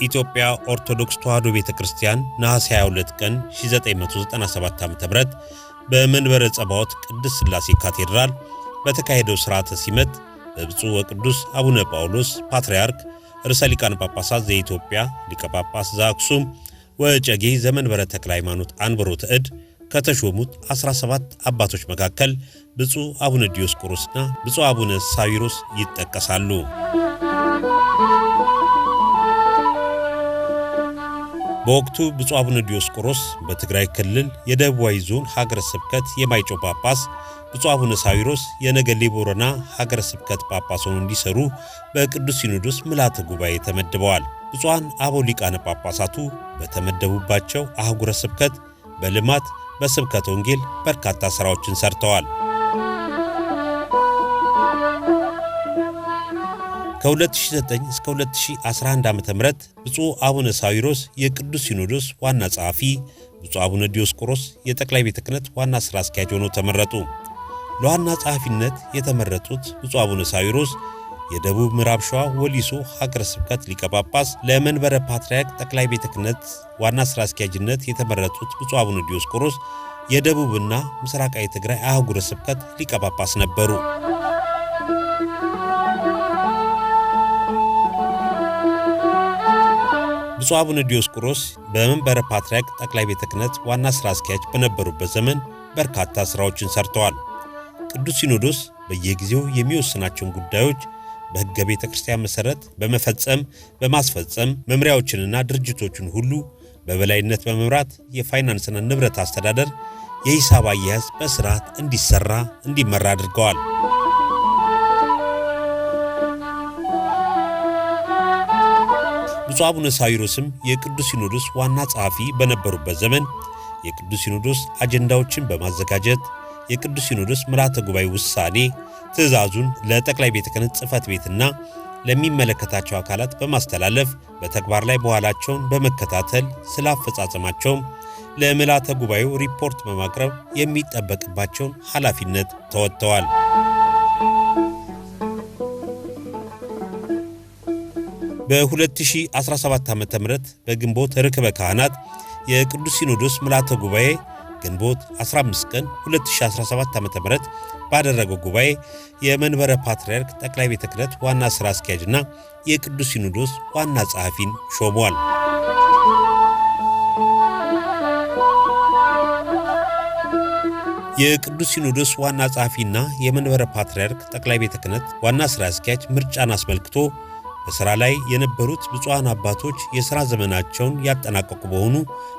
በኢትዮጵያ ኦርቶዶክስ ተዋሕዶ ቤተ ክርስቲያን ነሐሴ 22 ቀን 1997 ዓ ም በመንበረ ጸባዖት ቅድስት ሥላሴ ካቴድራል በተካሄደው ሥርዓተ ሲመት በብፁዕ ወቅዱስ አቡነ ጳውሎስ ፓትርያርክ ርዕሰ ሊቃነ ጳጳሳት ዘኢትዮጵያ ሊቀ ጳጳስ ዘአክሱም ወጨጌ ዘመንበረ ተክለ ሃይማኖት አንብሮተ እድ ከተሾሙት 17 አባቶች መካከል ብፁዕ አቡነ ዲዮስቆሮስና ብፁዕ አቡነ ሳዊሮስ ይጠቀሳሉ። በወቅቱ ብፁዕ አቡነ ዲዮስቆሮስ በትግራይ ክልል የደቡባዊ ዞን ሀገረ ስብከት የማይጮ ጳጳስ፣ ብፁዕ አቡነ ሳዊሮስ የነገሌ ቦረና ሀገረ ስብከት ጳጳስ ሆነው እንዲሰሩ በቅዱስ ሲኖዶስ ምልዓተ ጉባኤ ተመድበዋል። ብፁዓን አበው ሊቃነ ጳጳሳቱ በተመደቡባቸው አህጉረ ስብከት በልማት በስብከት ወንጌል በርካታ ሥራዎችን ሰርተዋል። ከ2009 እስከ 2011 ዓ.ም ብፁዕ አቡነ ሳዊሮስ የቅዱስ ሲኖዶስ ዋና ጸሐፊ፣ ብፁዕ አቡነ ዲዮስቆሮስ የጠቅላይ ቤተ ክህነት ዋና ሥራ አስኪያጅ ሆነው ተመረጡ። ለዋና ጸሐፊነት የተመረጡት ብፁዕ አቡነ ሳዊሮስ የደቡብ ምዕራብ ሸዋ ወሊሶ ሀገረ ስብከት ሊቀ ጳጳስ፣ ለመንበረ ፓትርያርክ ጠቅላይ ቤተ ክህነት ዋና ሥራ አስኪያጅነት የተመረጡት ብፁዕ አቡነ ዲዮስቆሮስ የደቡብና ምስራቃዊ ትግራይ አህጉረ ስብከት ሊቀ ጳጳስ ነበሩ። ብፁዕ አቡነ ዲዮስቆሮስ በመንበረ ፓትርያርክ ጠቅላይ ቤተ ክህነት ዋና ሥራ አስኪያጅ በነበሩበት ዘመን በርካታ ሥራዎችን ሰርተዋል። ቅዱስ ሲኖዶስ በየጊዜው የሚወስናቸውን ጉዳዮች በሕገ ቤተ ክርስቲያን መሠረት በመፈጸም በማስፈጸም መምሪያዎችንና ድርጅቶችን ሁሉ በበላይነት በመምራት የፋይናንስና ንብረት አስተዳደር፣ የሂሳብ አያያዝ በስርዓት እንዲሰራ እንዲመራ አድርገዋል። ብፁዕ አቡነ ሳዊሮስም የቅዱስ ሲኖዶስ ዋና ጸሐፊ በነበሩበት ዘመን የቅዱስ ሲኖዶስ አጀንዳዎችን በማዘጋጀት የቅዱስ ሲኖዶስ ምልዓተ ጉባኤ ውሳኔ ትእዛዙን ለጠቅላይ ቤተ ክህነት ጽሕፈት ቤትና ለሚመለከታቸው አካላት በማስተላለፍ በተግባር ላይ መዋላቸውን በመከታተል ስለ አፈጻጸማቸውም ለምልዓተ ጉባኤው ሪፖርት በማቅረብ የሚጠበቅባቸውን ኃላፊነት ተወጥተዋል። በ2017 ዓ ም በግንቦት ርክበ ካህናት የቅዱስ ሲኖዶስ ምልዓተ ጉባኤ ግንቦት 15 ቀን 2017 ዓ ም ባደረገው ጉባኤ የመንበረ ፓትርያርክ ጠቅላይ ቤተ ክህነት ዋና ሥራ አስኪያጅና የቅዱስ ሲኖዶስ ዋና ጸሐፊን ሾሟል። የቅዱስ ሲኖዶስ ዋና ጸሐፊና የመንበረ ፓትርያርክ ጠቅላይ ቤተ ክህነት ዋና ሥራ አስኪያጅ ምርጫን አስመልክቶ በሥራ ላይ የነበሩት ብፁዓን አባቶች የሥራ ዘመናቸውን ያጠናቀቁ በሆኑ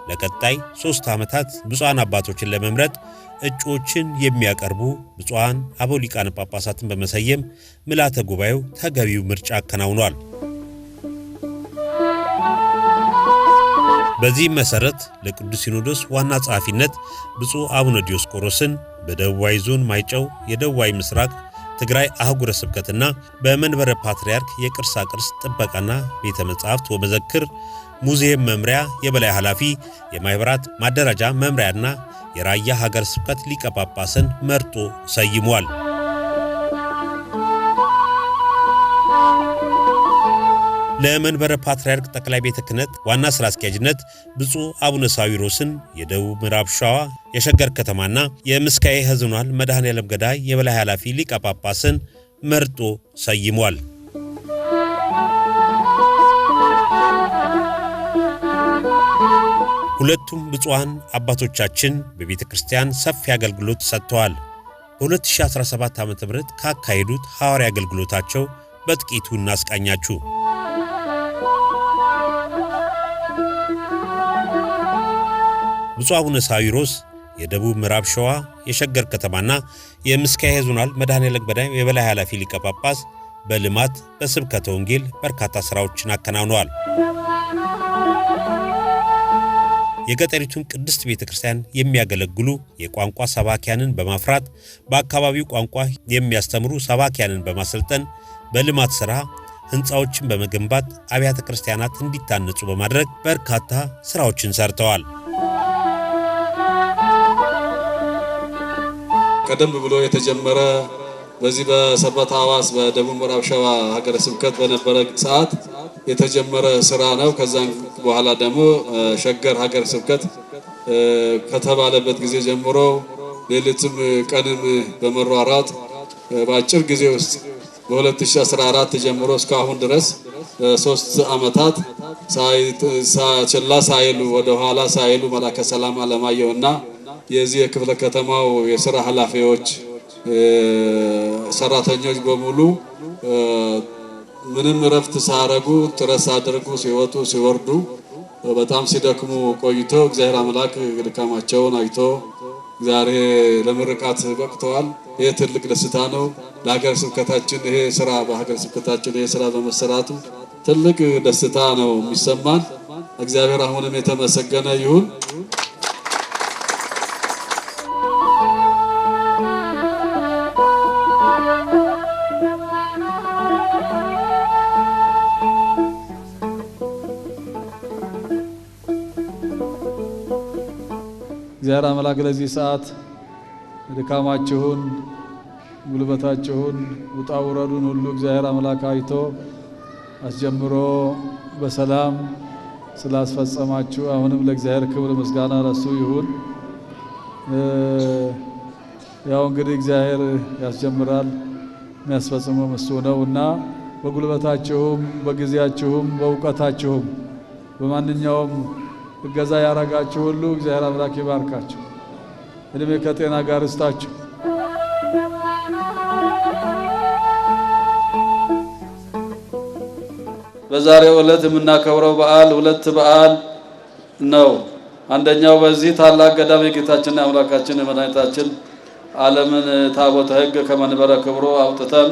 ለቀጣይ ሦስት ዓመታት ብፁዓን አባቶችን ለመምረጥ እጩዎችን የሚያቀርቡ ብፁዓን አበው ሊቃነ ጳጳሳትን በመሰየም ምልዓተ ጉባኤው ተገቢው ምርጫ አከናውኗል። በዚህም መሠረት ለቅዱስ ሲኖዶስ ዋና ጸሐፊነት ብፁዕ አቡነ ዲዮስቆሮስን በደቡባዊ ዞን ማይጨው የደቡባዊ ምስራቅ ትግራይ አህጉረ ስብከትና በመንበረ ፓትርያርክ የቅርሳ ቅርስ ጥበቃና ቤተ መጻሕፍት ወመዘክር ሙዚየም መምሪያ የበላይ ኃላፊ የማኅበራት ማደራጃ መምሪያና የራያ ሀገር ስብከት ሊቀ ጳጳስን መርጦ ሰይሟል። ለመንበረ ፓትርያርክ ጠቅላይ ቤተ ክህነት ዋና ሥራ አስኪያጅነት ብፁዕ አቡነ ሳዊሮስን የደቡብ ምዕራብ ሸዋ የሸገር ከተማና የምስካዬ ኅዙናን መድኃኔዓለም ገዳይ የበላይ ኃላፊ ሊቀ ጳጳስን መርጦ ሰይሟል። ሁለቱም ብፁዓን አባቶቻችን በቤተ ክርስቲያን ሰፊ አገልግሎት ሰጥተዋል። በ2017 ዓ ም ካካሄዱት ሐዋርያ አገልግሎታቸው በጥቂቱ እናስቃኛችሁ። ብፁዕ አቡነ ሳዊሮስ የደቡብ ምዕራብ ሸዋ የሸገር ከተማና የምስካየ ዞናል መድኃኔዓለም ገዳም የበላይ ኃላፊ ሊቀ ጳጳስ በልማት በስብከተ ወንጌል በርካታ ሥራዎችን አከናውነዋል። የገጠሪቱን ቅድስት ቤተ ክርስቲያን የሚያገለግሉ የቋንቋ ሰባኪያንን በማፍራት በአካባቢው ቋንቋ የሚያስተምሩ ሰባኪያንን በማሰልጠን በልማት ሥራ ሕንፃዎችን በመገንባት አብያተ ክርስቲያናት እንዲታነጹ በማድረግ በርካታ ሥራዎችን ሰርተዋል። ቀደም ብሎ የተጀመረ በዚህ በሰበታ አዋስ በደቡብ ምዕራብ ሸዋ ሀገረ ስብከት በነበረ ሰዓት የተጀመረ ስራ ነው። ከዛም በኋላ ደግሞ ሸገር ሀገረ ስብከት ከተባለበት ጊዜ ጀምሮ ሌሊትም ቀንም በመሯሯጥ በአጭር ጊዜ ውስጥ በ2014 ጀምሮ እስካሁን ድረስ ሶስት ዓመታት ችላ ሳይሉ ወደኋላ ሳይሉ መላከ ሰላም አለማየሁና የዚህ የክፍለ ከተማው የስራ ኃላፊዎች ሰራተኞች በሙሉ ምንም እረፍት ሳያረጉ ጥረት ሳያደርጉ ሲወጡ ሲወርዱ በጣም ሲደክሙ ቆይቶ እግዚአብሔር አምላክ ድካማቸውን አይቶ ዛሬ ለምርቃት በቅተዋል። ይህ ትልቅ ደስታ ነው ለሀገር ስብከታችን። ይሄ ስራ በሀገር ስብከታችን ይሄ ስራ በመሰራቱ ትልቅ ደስታ ነው የሚሰማን። እግዚአብሔር አሁንም የተመሰገነ ይሁን። እግዚአብሔር አምላክ ለዚህ ሰዓት ድካማችሁን፣ ጉልበታችሁን፣ ውጣ ውረዱን ሁሉ እግዚአብሔር አምላክ አይቶ አስጀምሮ በሰላም ስላስፈጸማችሁ አሁንም ለእግዚአብሔር ክብር ምስጋና ለሱ ይሁን። ያው እንግዲህ እግዚአብሔር ያስጀምራል የሚያስፈጽመው እሱ ነው እና በጉልበታችሁም፣ በጊዜያችሁም፣ በእውቀታችሁም በማንኛውም እገዛ ያረጋችሁ ሁሉ እግዚአብሔር አምላክ ይባርካችሁ፣ እድሜ ከጤና ጋር እስታችሁ። በዛሬው ዕለት የምናከብረው በዓል ሁለት በዓል ነው። አንደኛው በዚህ ታላቅ ገዳም የጌታችንና የአምላካችን የመድኃኒታችን ዓለምን ታቦተ ሕግ ከመንበረ ክብሮ አውጥተን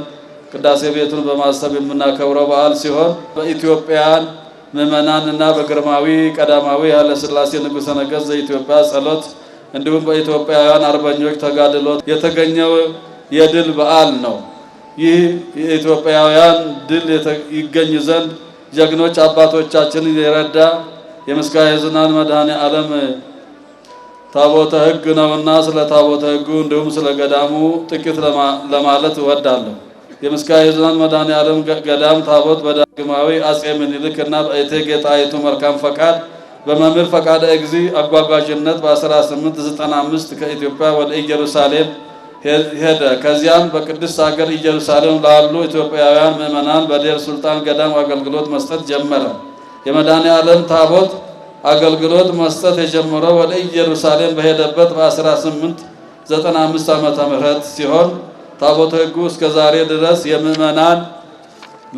ቅዳሴ ቤቱን በማሰብ የምናከብረው በዓል ሲሆን በኢትዮጵያን እና በግርማዊ ቀዳማዊ ኃይለሥላሴ ንጉሠ ነገሥት ዘኢትዮጵያ ጸሎት እንዲሁም በኢትዮጵያውያን አርበኞች ተጋድሎ የተገኘው የድል በዓል ነው። ይህ የኢትዮጵያውያን ድል ይገኝ ዘንድ ጀግኖች አባቶቻችንን የረዳ የምስጋና የዝናን መድኃኔ ዓለም ታቦተ ሕግ ነውና ስለ ታቦተ ሕጉ እንዲሁም ስለ ገዳሙ ጥቂት ለማለት እወዳለሁ። የምስካየ ሕዙናን መድኃኔዓለም ገዳም ታቦት በዳግማዊ አጼ ምኒልክ እና በእቴጌ ጣይቱ መልካም ፈቃድ በመምህር ፈቃደ እግዚ አጓጓዥነት በ1895 ከኢትዮጵያ ወደ ኢየሩሳሌም ሄደ። ከዚያም በቅድስት ሀገር ኢየሩሳሌም ላሉ ኢትዮጵያውያን ምዕመናን በዴር ሱልጣን ገዳም አገልግሎት መስጠት ጀመረ። የመድኃኔዓለም ታቦት አገልግሎት መስጠት የጀመረው ወደ ኢየሩሳሌም በሄደበት በ1895 ዓ.ም ሲሆን ታቦተ ሕጉ እስከ ዛሬ ድረስ የምዕመናን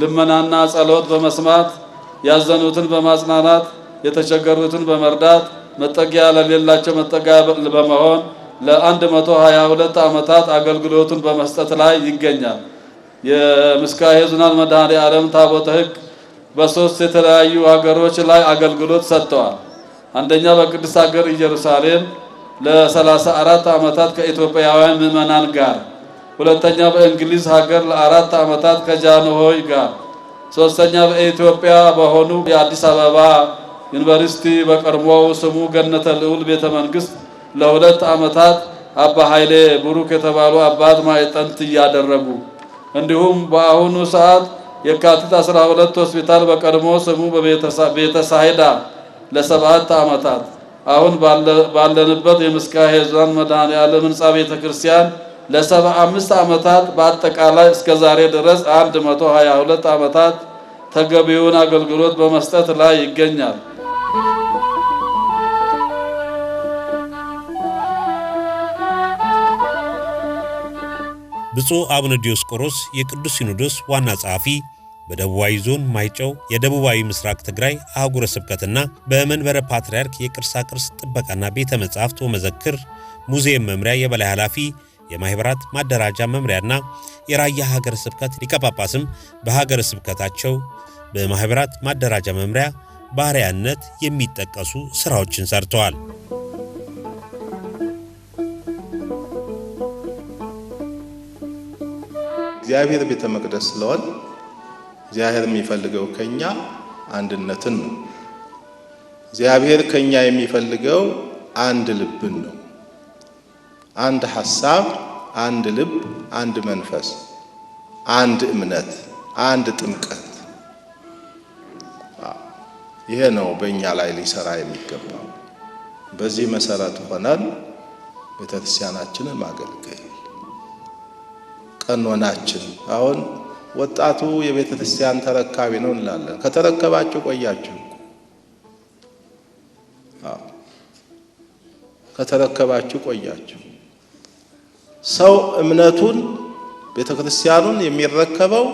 ልመናና ጸሎት በመስማት ያዘኑትን በማጽናናት የተቸገሩትን በመርዳት መጠጊያ ለሌላቸው መጠጊያ በመሆን ለ122 ዓመታት አገልግሎቱን በመስጠት ላይ ይገኛል። የምስካየ ኅዙናን መድኃኔ ዓለም ታቦተ ሕግ በሶስት የተለያዩ ሀገሮች ላይ አገልግሎት ሰጥተዋል። አንደኛ በቅድስት ሀገር ኢየሩሳሌም ለ34 ዓመታት ከኢትዮጵያውያን ምዕመናን ጋር ሁለተኛ በእንግሊዝ ሀገር ለአራት ዓመታት ከጃንሆይ ጋር፣ ሶስተኛ በኢትዮጵያ በሆኑ የአዲስ አበባ ዩኒቨርሲቲ በቀድሞው ስሙ ገነተ ልዑል ቤተ መንግስት ለሁለት ዓመታት አባ ኃይሌ ብሩክ የተባሉ አባት ማዕጠንት እያደረጉ እንዲሁም በአሁኑ ሰዓት የካቲት 12 ሆስፒታል በቀድሞ ስሙ በቤተ ለሰባት ዓመታት አሁን ባለንበት የምስቃ ሄዛን መድኃኔ ዓለም ሕንፃ ቤተ ክርስቲያን ለሰባ አምስት ዓመታት በአጠቃላይ እስከ ዛሬ ድረስ 122 ዓመታት ተገቢውን አገልግሎት በመስጠት ላይ ይገኛል። ብፁዕ አቡነ ዲዮስቆሮስ የቅዱስ ሲኖዶስ ዋና ጸሐፊ በደቡባዊ ዞን ማይጨው የደቡባዊ ምስራቅ ትግራይ አህጉረ ስብከትና በመንበረ ፓትርያርክ የቅርሳቅርስ ጥበቃና ቤተ መጻሕፍት ወመዘክር ሙዚየም መምሪያ የበላይ ኃላፊ የማኅበራት ማደራጃ መምሪያና የራያ ሀገር ስብከት ሊቀጳጳስም በሀገር ስብከታቸው በማኅበራት ማደራጃ መምሪያ ባሪያነት የሚጠቀሱ ሥራዎችን ሰርተዋል። እግዚአብሔር ቤተ መቅደስ ስለሆን እግዚአብሔር የሚፈልገው ከኛ አንድነትን ነው። እግዚአብሔር ከኛ የሚፈልገው አንድ ልብን ነው። አንድ ሐሳብ፣ አንድ ልብ፣ አንድ መንፈስ፣ አንድ እምነት፣ አንድ ጥምቀት። ይሄ ነው በእኛ ላይ ሊሰራ የሚገባው። በዚህ መሰረት ሆነን ቤተክርስቲያናችንን ማገልገል ቀኖናችን አሁን ወጣቱ የቤተ ክርስቲያን ተረካቢ ነው እንላለን። ከተረከባችሁ ቆያችሁ። ከተረከባችሁ ቆያችሁ። ሰው እምነቱን ቤተ ክርስቲያኑን የሚረከበው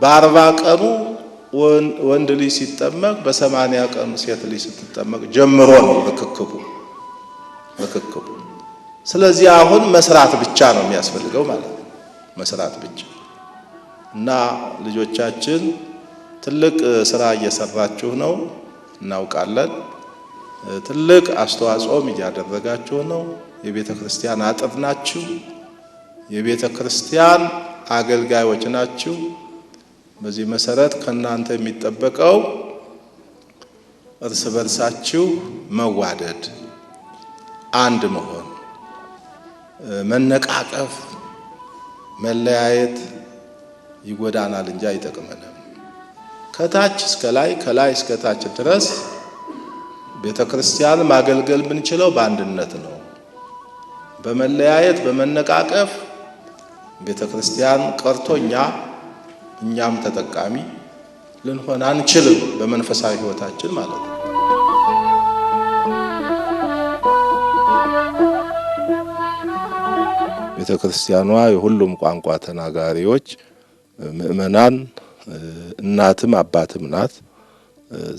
በአርባ ቀኑ ወንድ ልጅ ሲጠመቅ በሰማንያ ቀኑ ሴት ልጅ ስትጠመቅ ጀምሮ ነው ርክክቡ ርክክቡ። ስለዚህ አሁን መስራት ብቻ ነው የሚያስፈልገው ማለት ነው። መስራት ብቻ እና ልጆቻችን ትልቅ ስራ እየሰራችሁ ነው እናውቃለን። ትልቅ አስተዋጽኦም እያደረጋችሁ ነው። የቤተ ክርስቲያን አጥር ናችሁ። የቤተ ክርስቲያን አገልጋዮች ናችሁ። በዚህ መሰረት ከእናንተ የሚጠበቀው እርስ በርሳችሁ መዋደድ፣ አንድ መሆን፣ መነቃቀፍ፣ መለያየት ይጎዳናል እንጂ አይጠቅመንም። ከታች እስከ ላይ ከላይ እስከ ታች ድረስ ቤተ ክርስቲያን ማገልገል የምንችለው በአንድነት ነው። በመለያየት በመነቃቀፍ ቤተ ክርስቲያን ቀርቶ እኛ እኛም ተጠቃሚ ልንሆን አንችልም፣ በመንፈሳዊ ህይወታችን ማለት ነው። ቤተ ክርስቲያኗ የሁሉም ቋንቋ ተናጋሪዎች ምእመናን እናትም አባትም ናት።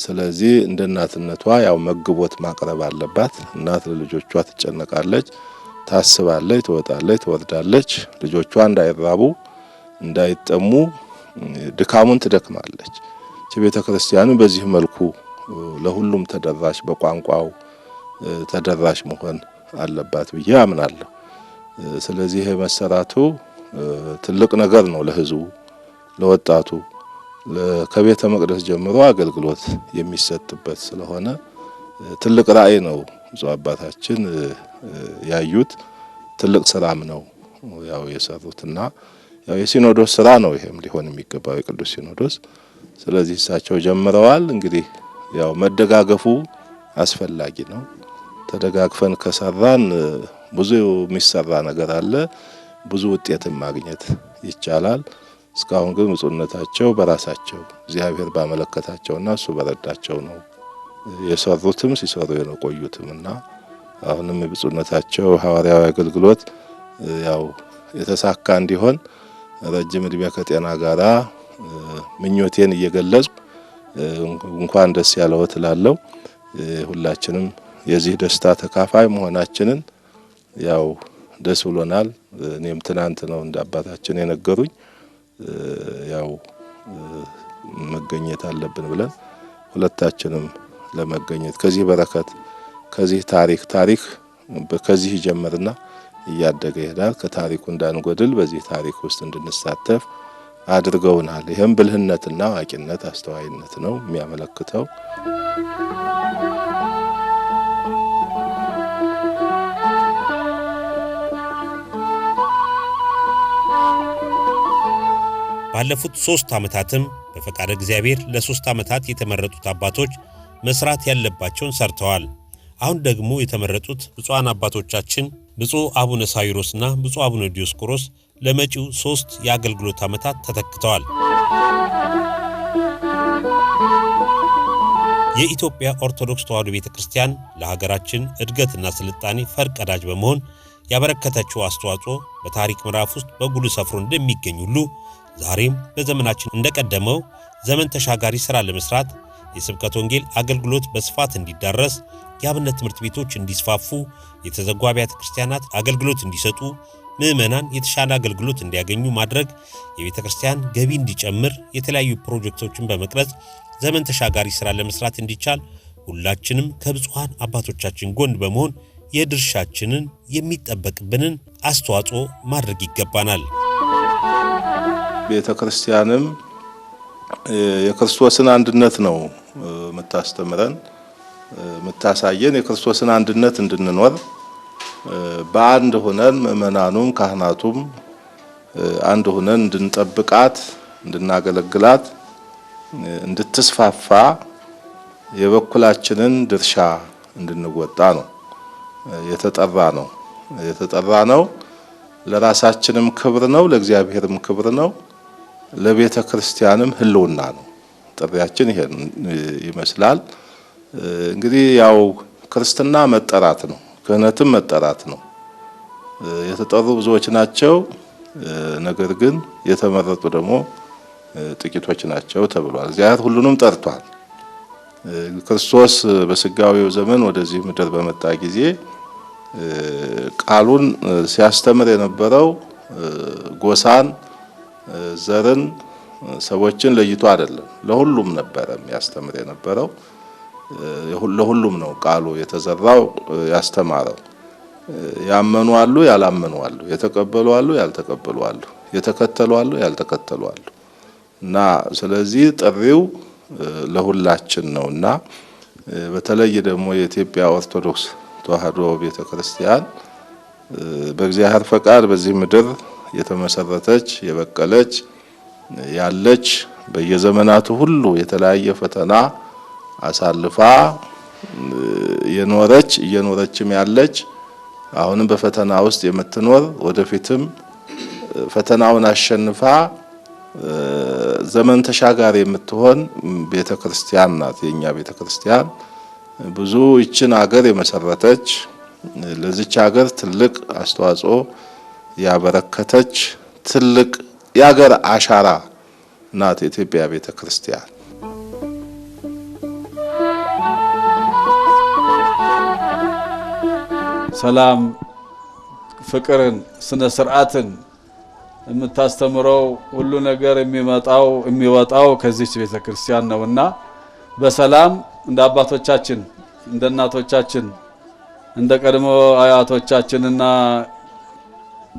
ስለዚህ እንደ እናትነቷ ያው መግቦት ማቅረብ አለባት። እናት ለልጆቿ ትጨነቃለች። ታስባለች፣ ትወጣለች፣ ትወርዳለች። ልጆቿ እንዳይራቡ እንዳይጠሙ ድካሙን ትደክማለች። ቤተ ክርስቲያኑ በዚህ መልኩ ለሁሉም ተደራሽ በቋንቋው ተደራሽ መሆን አለባት ብዬ አምናለሁ። ስለዚህ መሰራቱ ትልቅ ነገር ነው ለሕዝቡ ለወጣቱ ከቤተ መቅደስ ጀምሮ አገልግሎት የሚሰጥበት ስለሆነ ትልቅ ራዕይ ነው። ብፁዕ አባታችን ያዩት ትልቅ ስራም ነው ያው የሰሩትና ያው የሲኖዶስ ስራ ነው ይሄም ሊሆን የሚገባው የቅዱስ ሲኖዶስ። ስለዚህ እሳቸው ጀምረዋል። እንግዲህ ያው መደጋገፉ አስፈላጊ ነው። ተደጋግፈን ከሰራን ብዙ የሚሰራ ነገር አለ፣ ብዙ ውጤትን ማግኘት ይቻላል። እስካሁን ግን ብፁዕነታቸው በራሳቸው እግዚአብሔር ባመለከታቸውና እሱ በረዳቸው ነው የሰሩትም ሲሰሩ የቆዩትም እና አሁንም ብፁዕነታቸው ሐዋርያዊ አገልግሎት ያው የተሳካ እንዲሆን ረጅም እድሜ ከጤና ጋራ ምኞቴን እየገለጽኩ እንኳን ደስ ያለው ትላለው። ሁላችንም የዚህ ደስታ ተካፋይ መሆናችንን ያው ደስ ብሎናል። እኔም ትናንት ነው እንደ አባታችን የነገሩኝ ያው መገኘት አለብን ብለን ሁለታችንም ለመገኘት ከዚህ በረከት ከዚህ ታሪክ ታሪክ ከዚህ ይጀምርና እያደገ ይሄዳል። ከታሪኩ እንዳንጎድል በዚህ ታሪክ ውስጥ እንድንሳተፍ አድርገውናል። ይህም ብልህነትና አዋቂነት አስተዋይነት ነው የሚያመለክተው። ባለፉት ሶስት ዓመታትም በፈቃደ እግዚአብሔር ለሶስት ዓመታት የተመረጡት አባቶች መስራት ያለባቸውን ሰርተዋል። አሁን ደግሞ የተመረጡት ብፁዓን አባቶቻችን ብፁዕ አቡነ ሳዊሮስና ብፁዕ አቡነ ዲዮስቆሮስ ለመጪው ሦስት የአገልግሎት ዓመታት ተተክተዋል። የኢትዮጵያ ኦርቶዶክስ ተዋሕዶ ቤተ ክርስቲያን ለሀገራችን እድገትና ስልጣኔ ፈርቀዳጅ በመሆን ያበረከተችው አስተዋጽኦ በታሪክ ምዕራፍ ውስጥ በጉልህ ሰፍሮ እንደሚገኝ ሁሉ ዛሬም በዘመናችን እንደቀደመው ዘመን ተሻጋሪ ሥራ ለመሥራት የስብከት ወንጌል አገልግሎት በስፋት እንዲዳረስ የአብነት ትምህርት ቤቶች እንዲስፋፉ፣ የተዘጉ አብያተ ክርስቲያናት አገልግሎት እንዲሰጡ፣ ምዕመናን የተሻለ አገልግሎት እንዲያገኙ ማድረግ፣ የቤተ ክርስቲያን ገቢ እንዲጨምር፣ የተለያዩ ፕሮጀክቶችን በመቅረጽ ዘመን ተሻጋሪ ሥራ ለመስራት እንዲቻል ሁላችንም ከብፁዓን አባቶቻችን ጎን በመሆን የድርሻችንን የሚጠበቅብንን አስተዋጽኦ ማድረግ ይገባናል። ቤተ ክርስቲያንም የክርስቶስን አንድነት ነው የምታስተምረን የምታሳየን። የክርስቶስን አንድነት እንድንኖር በአንድ ሆነን ምእመናኑም ካህናቱም አንድ ሆነን እንድንጠብቃት፣ እንድናገለግላት፣ እንድትስፋፋ የበኩላችንን ድርሻ እንድንወጣ ነው የተጠራ ነው የተጠራ ነው። ለራሳችንም ክብር ነው፣ ለእግዚአብሔርም ክብር ነው። ለቤተ ክርስቲያንም ህልውና ነው። ጥሪያችን ይሄን ይመስላል። እንግዲህ ያው ክርስትና መጠራት ነው፣ ክህነትም መጠራት ነው። የተጠሩ ብዙዎች ናቸው፣ ነገር ግን የተመረጡ ደግሞ ጥቂቶች ናቸው ተብሏል። እግዚአብሔር ሁሉንም ጠርቷል። ክርስቶስ በስጋዊው ዘመን ወደዚህ ምድር በመጣ ጊዜ ቃሉን ሲያስተምር የነበረው ጎሳን ዘርን ሰዎችን ለይቶ አይደለም ለሁሉም ነበረ የሚያስተምር የነበረው። ለሁሉም ነው ቃሉ የተዘራው ያስተማረው። ያመኑ አሉ፣ ያላመኑ አሉ፣ የተቀበሉ አሉ፣ ያልተቀበሉ አሉ፣ የተከተሉ አሉ፣ ያልተከተሉ አሉ። እና ስለዚህ ጥሪው ለሁላችን ነው እና በተለይ ደግሞ የኢትዮጵያ ኦርቶዶክስ ተዋሕዶ ቤተክርስቲያን በእግዚአብሔር ፈቃድ በዚህ ምድር የተመሰረተች የበቀለች ያለች በየዘመናቱ ሁሉ የተለያየ ፈተና አሳልፋ የኖረች እየኖረችም ያለች አሁንም በፈተና ውስጥ የምትኖር ወደፊትም ፈተናውን አሸንፋ ዘመን ተሻጋሪ የምትሆን ቤተ ክርስቲያን ናት። የኛ ቤተ ክርስቲያን ብዙ ይችን ሀገር የመሰረተች ለዚች ሀገር ትልቅ አስተዋጽኦ ያበረከተች ትልቅ የአገር አሻራ ናት የኢትዮጵያ ቤተ ክርስቲያን። ሰላም፣ ፍቅርን፣ ስነ ስርዓትን የምታስተምረው ሁሉ ነገር የሚመጣው የሚወጣው ከዚች ቤተ ክርስቲያን ነውና በሰላም እንደ አባቶቻችን እንደ እናቶቻችን እንደ ቀድሞ አያቶቻችንና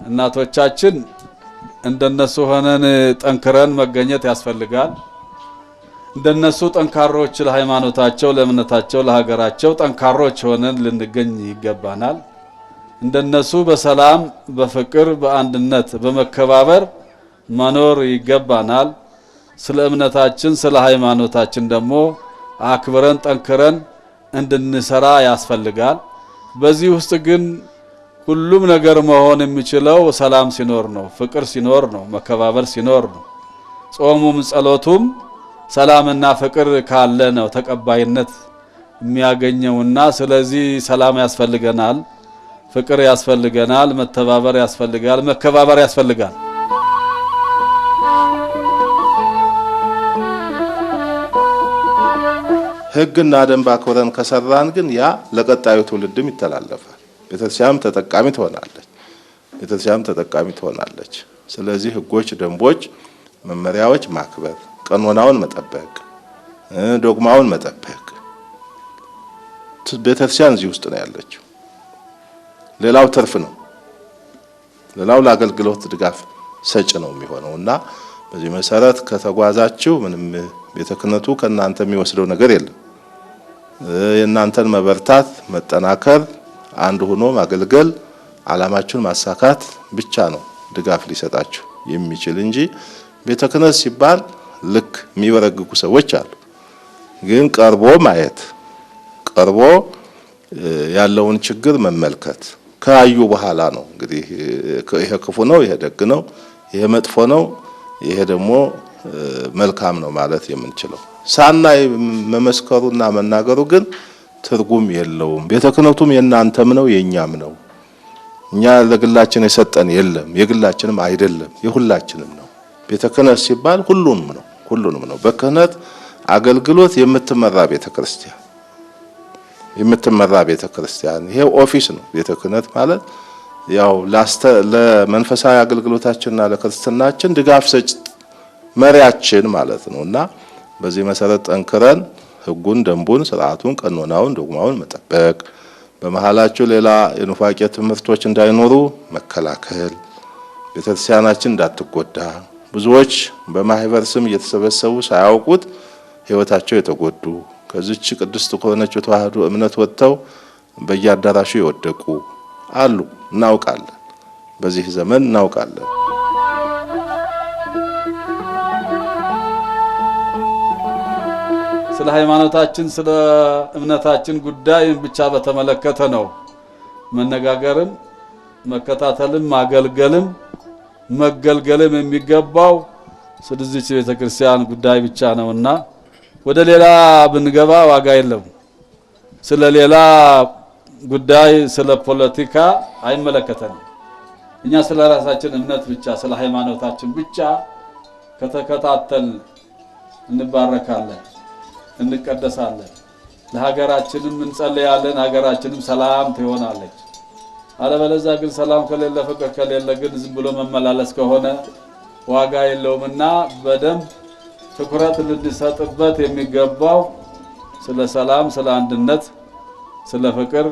እናቶቻችን እንደነሱ ሆነን ጠንክረን መገኘት ያስፈልጋል። እንደነሱ ጠንካሮች ለሃይማኖታቸው፣ ለእምነታቸው፣ ለሀገራቸው ጠንካሮች ሆነን ልንገኝ ይገባናል። እንደነሱ በሰላም፣ በፍቅር፣ በአንድነት፣ በመከባበር መኖር ይገባናል። ስለ እምነታችን፣ ስለ ሃይማኖታችን ደግሞ አክብረን ጠንክረን እንድንሰራ ያስፈልጋል። በዚህ ውስጥ ግን ሁሉም ነገር መሆን የሚችለው ሰላም ሲኖር ነው፣ ፍቅር ሲኖር ነው፣ መከባበር ሲኖር ነው። ጾሙም ጸሎቱም ሰላምና ፍቅር ካለ ነው ተቀባይነት የሚያገኘውና ስለዚህ ሰላም ያስፈልገናል፣ ፍቅር ያስፈልገናል፣ መተባበር ያስፈልጋል፣ መከባበር ያስፈልጋል። ሕግና ደንብ አክብረን ከሰራን ግን ያ ለቀጣዩ ትውልድም ይተላለፋል። ቤተክርስቲያንም ተጠቃሚ ትሆናለች። ቤተክርስቲያንም ተጠቃሚ ትሆናለች። ስለዚህ ህጎች፣ ደንቦች፣ መመሪያዎች ማክበር፣ ቀኖናውን መጠበቅ፣ ዶግማውን መጠበቅ ቤተክርስቲያን እዚህ ውስጥ ነው ያለችው። ሌላው ትርፍ ነው። ሌላው ለአገልግሎት ድጋፍ ሰጭ ነው የሚሆነው እና በዚህ መሰረት ከተጓዛችሁ ምንም ቤተ ክህነቱ ከእናንተ የሚወስደው ነገር የለም። የእናንተን መበርታት መጠናከር አንድ ሆኖ ማገልገል አላማችሁን ማሳካት ብቻ ነው ድጋፍ ሊሰጣችሁ የሚችል እንጂ ቤተ ክህነት ሲባል ልክ የሚበረግጉ ሰዎች አሉ። ግን ቀርቦ ማየት ቀርቦ ያለውን ችግር መመልከት ካዩ በኋላ ነው እንግዲህ ይሄ ክፉ ነው፣ ይሄ ደግ ነው፣ ይሄ መጥፎ ነው፣ ይሄ ደግሞ መልካም ነው ማለት የምንችለው። ሳናይ መመስከሩና መናገሩ ግን ትርጉም የለውም። ቤተ ክህነቱም የእናንተም ነው የእኛም ነው። እኛ ለግላችን የሰጠን የለም፣ የግላችንም አይደለም፣ የሁላችንም ነው። ቤተ ክህነት ሲባል ሁሉንም ነው፣ ሁሉንም ነው። በክህነት አገልግሎት የምትመራ ቤተ ክርስቲያን የምትመራ ቤተ ክርስቲያን ይሄ ኦፊስ ነው። ቤተ ክህነት ማለት ያው ለመንፈሳዊ አገልግሎታችንና ለክርስትናችን ድጋፍ ሰጭ መሪያችን ማለት ነውና በዚህ መሰረት ጠንክረን ህጉን፣ ደንቡን፣ ስርዓቱን፣ ቀኖናውን፣ ዶግማውን መጠበቅ፣ በመሀላቸው ሌላ የኑፋቄ ትምህርቶች እንዳይኖሩ መከላከል፣ ቤተክርስቲያናችን እንዳትጎዳ ብዙዎች በማህበር ስም እየተሰበሰቡ ሳያውቁት ህይወታቸው የተጎዱ ከዚች ቅድስት ከሆነችው ተዋህዶ እምነት ወጥተው በየአዳራሹ የወደቁ አሉ። እናውቃለን። በዚህ ዘመን እናውቃለን። ስለ ሃይማኖታችን ስለ እምነታችን ጉዳይን ብቻ በተመለከተ ነው መነጋገርም መከታተልም ማገልገልም መገልገልም የሚገባው ስለዚች ቤተ ክርስቲያን ጉዳይ ብቻ ነውና ወደ ሌላ ብንገባ ዋጋ የለም። ስለ ሌላ ጉዳይ ስለ ፖለቲካ አይመለከተንም። እኛ ስለ ራሳችን እምነት ብቻ ስለ ሃይማኖታችን ብቻ ከተከታተል እንባረካለን። እንቀደሳለን፣ ለሀገራችንም እንጸልያለን። ሀገራችንም ሰላም ትሆናለች። አለበለዛ ግን ሰላም ከሌለ ፍቅር ከሌለ ግን ዝም ብሎ መመላለስ ከሆነ ዋጋ የለውም እና በደንብ ትኩረት ልንሰጥበት የሚገባው ስለ ሰላም፣ ስለ አንድነት፣ ስለ ፍቅር፣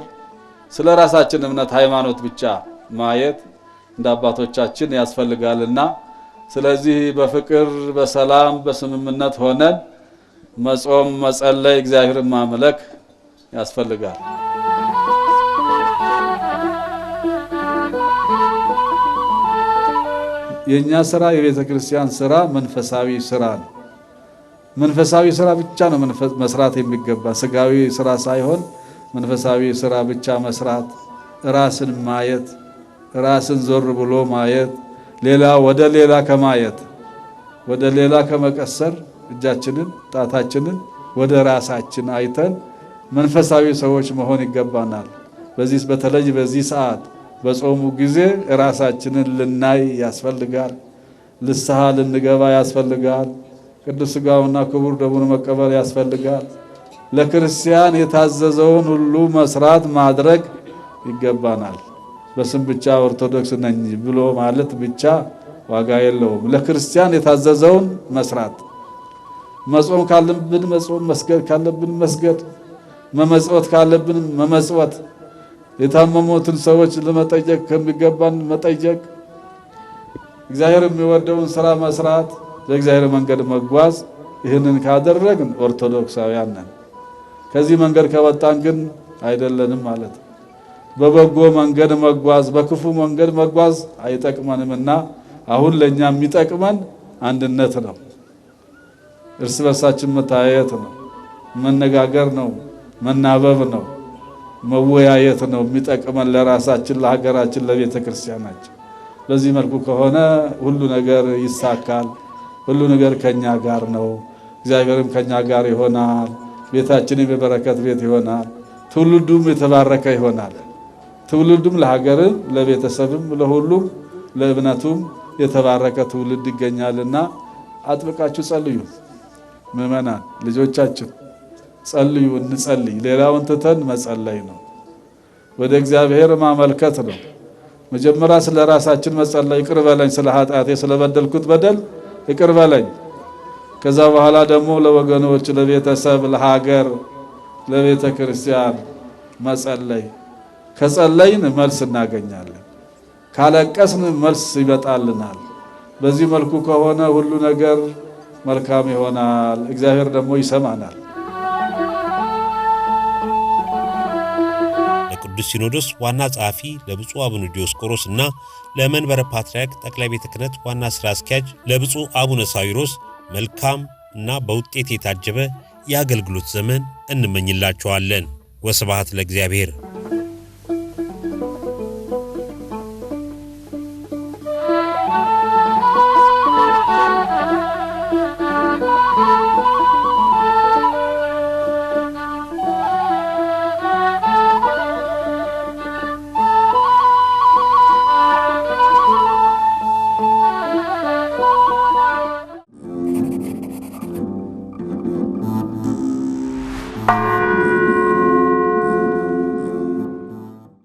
ስለ ራሳችን እምነት ሃይማኖት ብቻ ማየት እንደ አባቶቻችን ያስፈልጋልና ስለዚህ በፍቅር በሰላም በስምምነት ሆነን መጾም፣ መጸለይ፣ እግዚአብሔርን ማምለክ ያስፈልጋል። የእኛ ስራ የቤተ ክርስቲያን ስራ መንፈሳዊ ስራ ነው። መንፈሳዊ ስራ ብቻ ነው መስራት የሚገባ ስጋዊ ስራ ሳይሆን መንፈሳዊ ስራ ብቻ መስራት፣ ራስን ማየት፣ ራስን ዞር ብሎ ማየት፣ ሌላ ወደ ሌላ ከማየት ወደ ሌላ ከመቀሰር እጃችንን ጣታችንን ወደ ራሳችን አይተን መንፈሳዊ ሰዎች መሆን ይገባናል። በዚህ በተለይ በዚህ ሰዓት በጾሙ ጊዜ ራሳችንን ልናይ ያስፈልጋል። ልስሐ ልንገባ ያስፈልጋል። ቅዱስ ሥጋውና ክቡር ደሙን መቀበል ያስፈልጋል። ለክርስቲያን የታዘዘውን ሁሉ መስራት ማድረግ ይገባናል። በስም ብቻ ኦርቶዶክስ ነኝ ብሎ ማለት ብቻ ዋጋ የለውም። ለክርስቲያን የታዘዘውን መስራት መጾም ካለብን መጾም፣ መስገድ ካለብን መስገድ፣ መመጽወት ካለብን መመጽወት፣ የታመሙትን ሰዎች ለመጠየቅ ከሚገባን መጠየቅ፣ እግዚአብሔር የሚወደውን ስራ መስራት፣ በእግዚአብሔር መንገድ መጓዝ። ይህንን ካደረግን ኦርቶዶክሳውያን ነን። ከዚህ መንገድ ከወጣን ግን አይደለንም ማለት ነው። በበጎ መንገድ መጓዝ በክፉ መንገድ መጓዝ አይጠቅመንምና አሁን ለእኛ የሚጠቅመን አንድነት ነው። እርስ በርሳችን መታየት ነው፣ መነጋገር ነው፣ መናበብ ነው፣ መወያየት ነው የሚጠቅመን ለራሳችን፣ ለሀገራችን፣ ለቤተ ክርስቲያናችን። በዚህ መልኩ ከሆነ ሁሉ ነገር ይሳካል። ሁሉ ነገር ከኛ ጋር ነው። እግዚአብሔርም ከኛ ጋር ይሆናል። ቤታችንም የበረከት ቤት ይሆናል። ትውልዱም የተባረከ ይሆናል። ትውልዱም ለሀገርም፣ ለቤተሰብም፣ ለሁሉም ለእምነቱም የተባረከ ትውልድ ይገኛልና አጥብቃችሁ ጸልዩት። ምእመናን ልጆቻችን ጸልዩ፣ እንጸልይ። ሌላውን ትተን መጸለይ ነው፣ ወደ እግዚአብሔር ማመልከት ነው። መጀመሪያ ስለ ራሳችን መጸለይ፣ ይቅር በለኝ ስለ ኃጢአቴ ስለበደልኩት በደል ይቅር በለኝ። ከዛ በኋላ ደግሞ ለወገኖች፣ ለቤተሰብ፣ ለሀገር፣ ለቤተ ክርስቲያን መጸለይ። ከጸለይን መልስ እናገኛለን፣ ካለቀስን መልስ ይመጣልናል። በዚህ መልኩ ከሆነ ሁሉ ነገር መልካም ይሆናል። እግዚአብሔር ደግሞ ይሰማናል። ለቅዱስ ሲኖዶስ ዋና ጸሐፊ ለብፁዕ አቡነ ዲዮስቆሮስ እና ለመንበረ ፓትርያርክ ጠቅላይ ቤተ ክህነት ዋና ሥራ አስኪያጅ ለብፁዕ አቡነ ሳዊሮስ መልካም እና በውጤት የታጀበ የአገልግሎት ዘመን እንመኝላቸዋለን። ወስብሐት ለእግዚአብሔር።